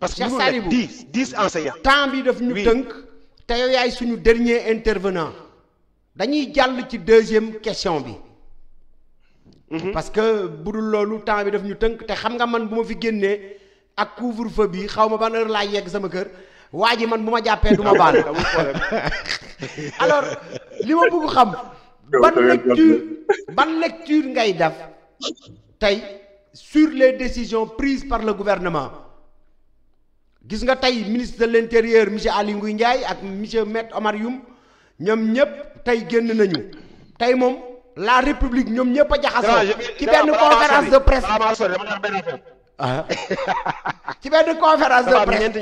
parce que mënul nekk dix dix enseignants temps bi daf ñu tënk te yow yaay suñu dernier intervenant dañuy jàll ci deuxième question bi mhm. parce que bu dul loolu temps bi daf ñu tënk te xam nga man bu ma fi génnee ak couvre-feu bi xaw ma ban heure laa yegg sama kër waa ji man bu ma jàppee du baal alors li ma bëgg xam ban lecture ban lecture ngay def tey sur les décisions prises par le gouvernement gis nga tey ministre de l'intérieur monsieur Aly Ngouille Ndiaye ak monsieur Maître Omar ñoom ñëpp tey génn nañu tey moom la république ñoom ñëpp a jaxasoo ci benn conférence de presse ah ci benn conférence de presse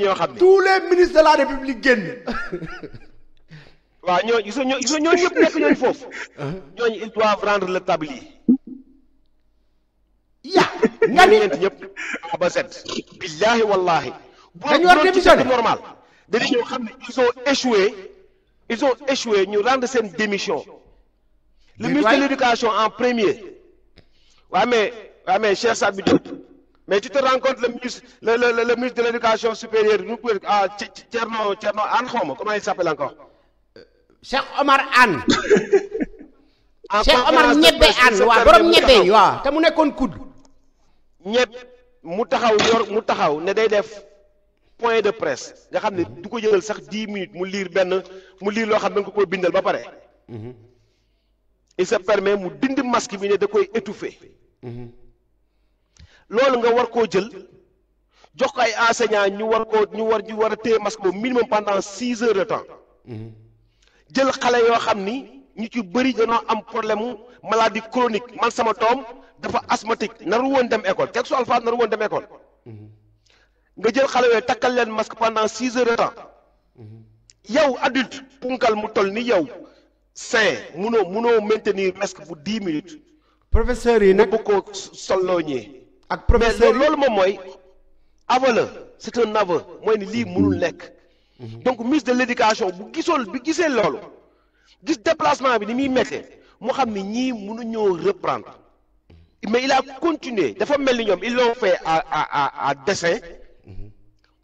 de la république génn. waaw ñooñu gisoo ñoo ñooñ ñooñu nekk ñooñu foofu. Ah. ñooñu ils doivent rendre le ya nga ni dañu war démissionné normal dañu ñëw xam ne ils ont échoué ñu rendre seen démission le ministre de l'éducation en premier waa mais waa mais cher Sabi Diop mais tu te rends compte le ministre le le le ministre de l'éducation supérieure nu mu ah Thierno Thierno Anne xaw ma comment il s'appelle encore. Euh, Cheikh Omar Anne. Cheikh Omar ñebe Anne borom ñebe te mu nekkoon kudd. ñebe mu taxaw mu taxaw ne day def. point de presse nga xam ne du ko jëlal sax dix minutes mu liir benn mu liir loo xam ne da nga ko koy bindal ba pare. il mm-hmm. se permet mu dind masque bi ne da koy étouffer. Mm-hmm. loolu nga war koo jël jox ko ay enseignants ñu war koo ñu war ñu war a téye masque boobu minimum pendant six heures de temps. Mm-hmm. jël xale yoo xam ni ñu ci bëri dañoo am problème mu maladie chronique man sama doom dafa asthmatique naru woon dem école quelque soit alpha naru woon dem école. nga jël xale yooyu takkal leen masque pendant six heures de temps mhm. yow adulte punkal mu toll ni yow sain munoo munoo maintenir masque bu dix minutes. professeur yi nag bu ko solloo ñee. ak professeur loolu moom mooy aveu la c'est un aveu mooy ni lii munul mhm. nekk. Mhm. donc ministre de l'éducation bu gisool bi gisee loolu gis déplacement bi ni muy méttee moo xam ni ñii mënuñoo reprendre mais ma a continué dafa mel ni ñoom ils l'ont fait à à à à dessein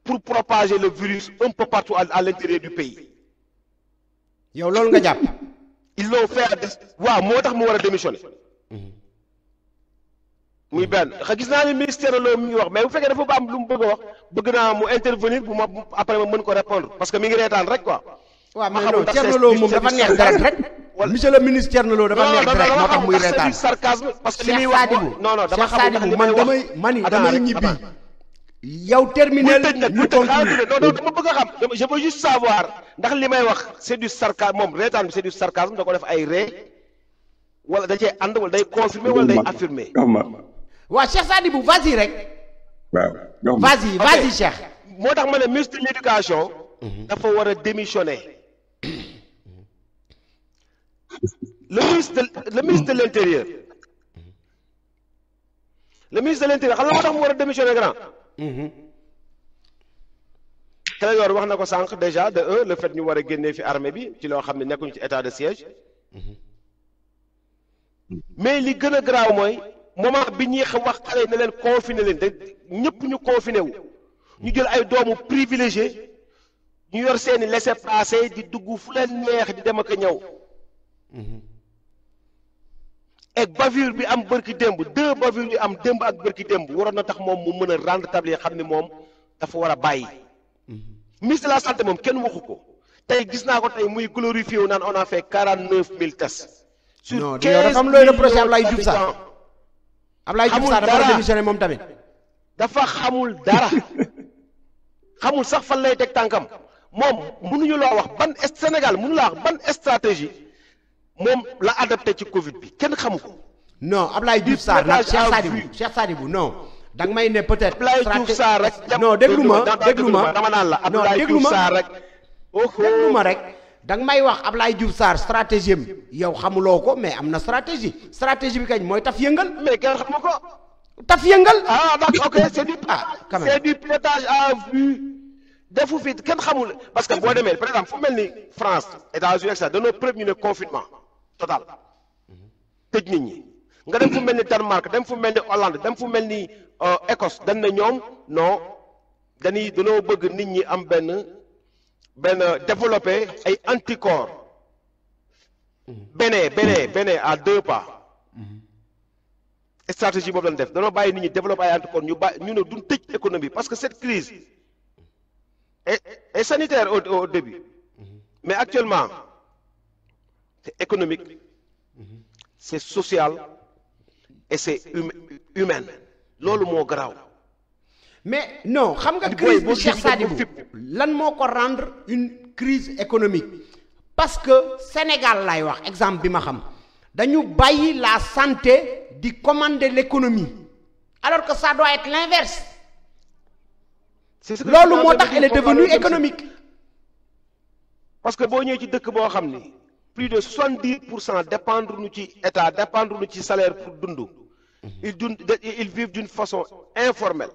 pour propager le virus un peu partout à, l'intérieur du pays. yow loolu nga jàpp. ils l'ont fait à waaw moo tax mu war a démissionner. muy benn xa gis naa ne ministère loolu mi ngi wax mais bu fekkee dafa ba am lu mu bëgg wax bëgg naa mu intervenir bu ma après ma mën ko répondre parce que mi ngi reetaan rek quoi. waaw mais non Thierno Lo moom dafa neex dara rek. monsieur le ministre Thierno Lo dafa neex dara moo tax muy reetaan. parce que li muy wax non non dama yow terminal muy tëj nag xaaral tuuti ah, non non dama bëgg a xam je veux juste savoir ndax li may wax c'est du sarcasme moom reetaan bi c'est du sarcasme da ko def ay ree wala da cee ànd wala day confirmer wala day affirmer. waaw Cheikh Sadibou vas-y rek. waaw vas-y moo tax ma ne ministre de l'éducation. dafa war a démissionner. le ministre le ministre de l'intérieur. le ministre l'intérieur xam moo tax mu war a démissionner grand. yor mhm. wax na ko sànq déjà de un le fait ñu war a génnee fi armée bi ci loo xam ne nekkuñu ci état de siège mhm. mais li gën a garaaw mooy moment bi ñuy xam wax xale ne leen confiné leen rek ñëpp ñu confiné wu ñu jël ay doomu privilégié ñu yor seeni laissez-passer di dugg fu leen neex di dem ak a ñëw mhm. et bavure bi am bërki démb deux bavures yu am démb ak bërki démb waroon na tax moom mu mën a rendre table yi xam ne moom dafa war a bàyyi mhm. ministre de la santé moom kenn waxu ko tey gis naa ko tey muy glorifié wu naan on a fait quarante neuf mille tests sur quinze am looy reproché Ablaye Diouf Sarr Ablaye moom tamit dafa xamul dara xamul sax fan lay teg tànkam moom mënuñu loo wax ban Sénégal mënu laa wax ban stratégie moom la adapté ci Covid bi kenn xamu ko. non Ablaye Diouf Sarr nag Cheikh Sadibou Cheikh Sadibou non. da may ne peut-être. Ablaye Diouf Sarr rek. non déglu ma dama naan la Ablaye Diouf Sarr rek. déglu ma rek. da may wax Ablaye Diouf Sarr stratégie am yow xamuloo ko mais am na stratégie stratégie bi kañ mooy taf yëngal. mais kenn xamu ko. taf yëngal. ah d'accord ok c'est du. ah quand à vue. defu fi kenn xamul parce que boo demee par exemple fu mel ni France États-Unis ak sax dañoo total tëj nit ñi nga dem fu mel ni Danemark dem fu mel ni Hollande dem fu mel ni euh, Écosse dañ na ñoom non dañuy dañoo bëgg nit ñi am benn benn développé ay anticorps benee benee benee à deux pas stratégie boobu lañ def dañoo bàyyi nit ñi développé ay anticorps ñu bàyyi ñu ne duñ tëj économie parce que cette crise est est sanitaire au au début mais actuellement c'est économique c'est social et c'est humain loolu moo garaaw mais non xam nga crise bi Cheikh Sadibou lan moo ko rendre une crise économique parce que Sénégal lay wax exemple bi ma xam dañu bàyyi la santé di commander l'économie alors que ça doit l'inverse loolu moo tax elle devenue économique parce que boo ñëwee ci dëkk boo xam ni plus de soixante-dix pour cent dépendre nu ci état dépendre nu ci salaire pour dund ils dund ils vivent d'une façon informelle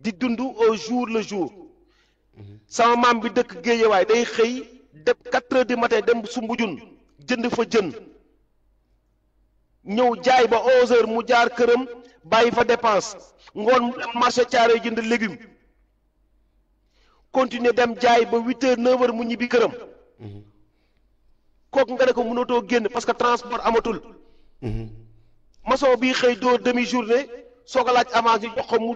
di dund au jour le jour sama maam bi dëkk Géejawaay day xëy dem quatre heures du matin dem Soumbédioune jënd fa jën ñëw jaay ba onze heures mu jaar këram bàyyi fa dépense ngoon marché Thiaroye jënd légume continuer dem jaay ba huit heures neuf mu ñibbi këram kooku nga ne ko mënatoo génn parce que transport amatul. Mhm. maçon bii xëy doo demi journée soo ko laaj avance ñu jox ko mu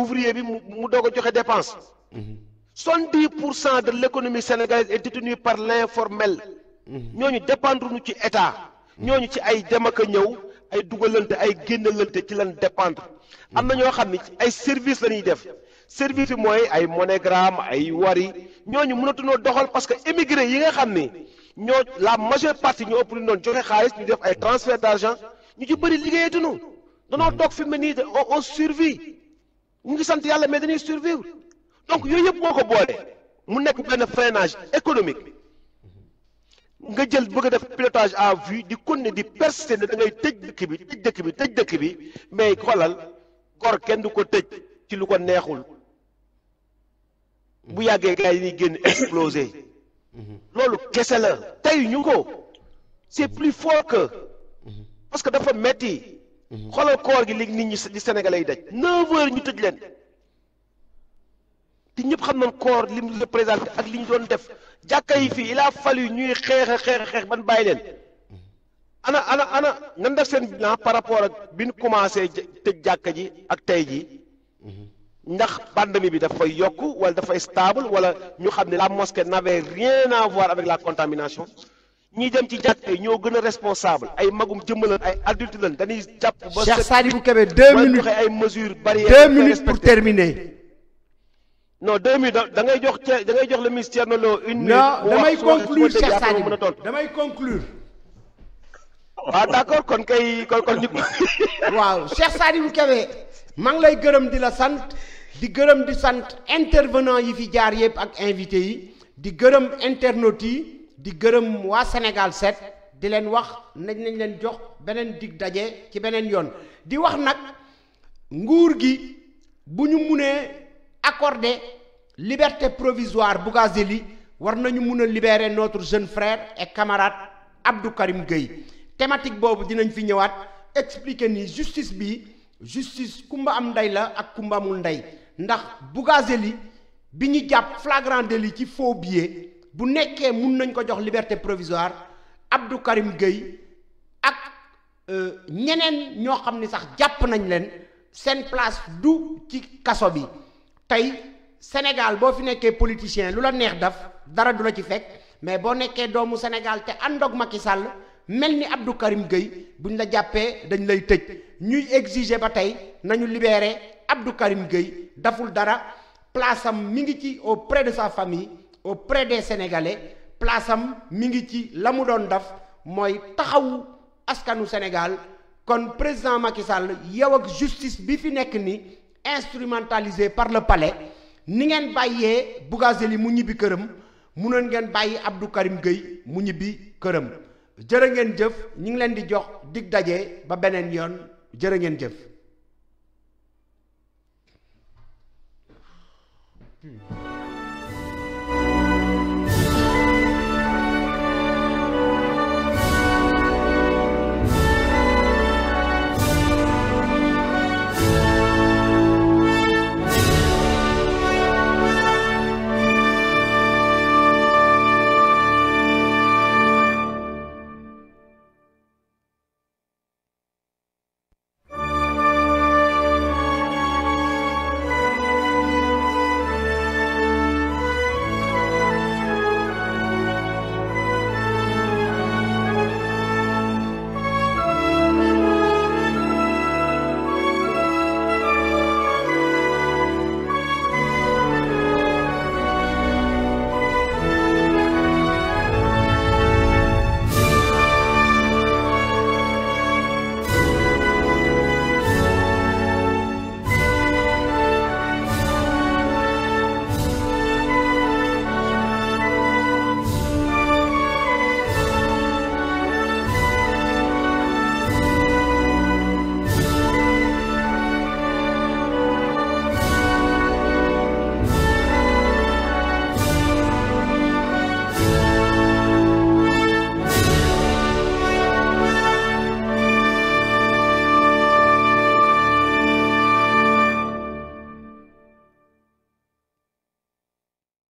ouvrier bi mu mu doog a joxe dépense. Mhm. soixante-dix pour cent de l' économie sénégalaise est détenue par l' ñoo ñu dépendre ñu ci état. ñoo mhm. ñooñu ci ay dem ak a ñëw ay dugalante ay génnalante ci lan dépendre. am na ñoo xam ne ci ay service la ñuy def. service bi mooy ay MoneyGram ay Wari ñooñu mënatunoo doxal parce que émigré yi nga xam ni ñoo la majeure partie ñoo ëpp lu doon joxe xaalis ñu def ay transfert d'argent ñu ci bëri liggéeyatuñu danoo toog fi mu ne nii on survit ñu ngi sant yàlla mais dañuy survivre donc yooyu yëpp moo ko boole mu nekk benn freinage économique nga jël bëgg a def pilotage à vue di continuer di persister ne da ngay tëj dëkk bi tëj dëkk bi tëj dëkk bi mais xoolal kor kenn du ko tëj ci lu ko neexul bu yàggee gars yi ñuy génn explosé loolu kese la tey ñu ko c'est plus fort que parce que dafa metti xoolal koor gi léegi nit ñi di Sénégalais yi daj neuf heures ñu tëj leen te ñëpp xam nañ koor lim représenté ak li ñu doon def jàkka yi fii il a yi ñuy xeex a xeex a xeex ban bàyyi leen ana ana ana nan def seen bilan par rapport ak bi ñu commencé tëj jàkka ji ak tey ji ndax pandémie bi dafay yokk wala dafay stable wala ñu xam ne la mosquée n'avait rien à voir avec la contamination ñi dem ci jàkkee ñoo gën a responsable ay magum jëmmalan ay adulte lan dañuy jàpp. ba Cheikh Sadibou Kébé deux minutes ay mesures barrières deux minutes pour terminer. non deux minutes da ngay jox da ngay jox le ministère Thierno Lo une minute. non damay conclure Cheikh Sadibou damay conclure. waaw ah, d'accord kon kay kon kon ñu. waaw Cheikh Sadibou Kébé maa ngi lay gërëm di la sant di gërëm di sant intervenant yi fi jaar yëpp ak invité yi di gërëm internautes yi di gërëm waa Sénégal set di leen wax nañ nañ leen jox beneen dig daje ci beneen yoon di wax nag nguur gi bu ñu munee accorder liberté provisoire Bougazelli war nañu mun a libérer notre jeune frère et camarade Abdou Karim Gueye thématique boobu dinañ fi ñëwaat expliquer ni justice bi justice kumba am ndey la ak kumba amul ndey ndax Bougazelli bi ñu jàpp flagrant délit ci faux bu nekkee mun nañ ko jox liberté provisoire Abdou Karim Gueye ak euh, ñeneen ñoo xam ni sax jàpp nañ leen seen place du ci kaso bi tey Sénégal boo fi nekkee politicien lu la neex daf dara du la ci fekk mais boo nekkee doomu Sénégal te àndoog Macky sàll mel ni Abdou Karim bu ñu la jàppee dañ lay tëj ñuy exiger ba tey nañu libéré Abdou Karim Gueye daful dara place am mi ngi ci auprès de sa famille auprès des sénégalais place am mi ngi ci la mu doon daf mooy taxawu askanu Sénégal kon président Macky Sall yow ak justice bi fi nekk ni instrumentalisé par le pale ni ngeen bàyyee Bougazeli mu ñibbi këram mu munoon ngeen bàyyi abdu Karim Gueye mu ñibbi këram. jërë ngeen jëf ñu ngi leen di jox dig daje ba beneen yoon jërë ngeen jëf. Hmm.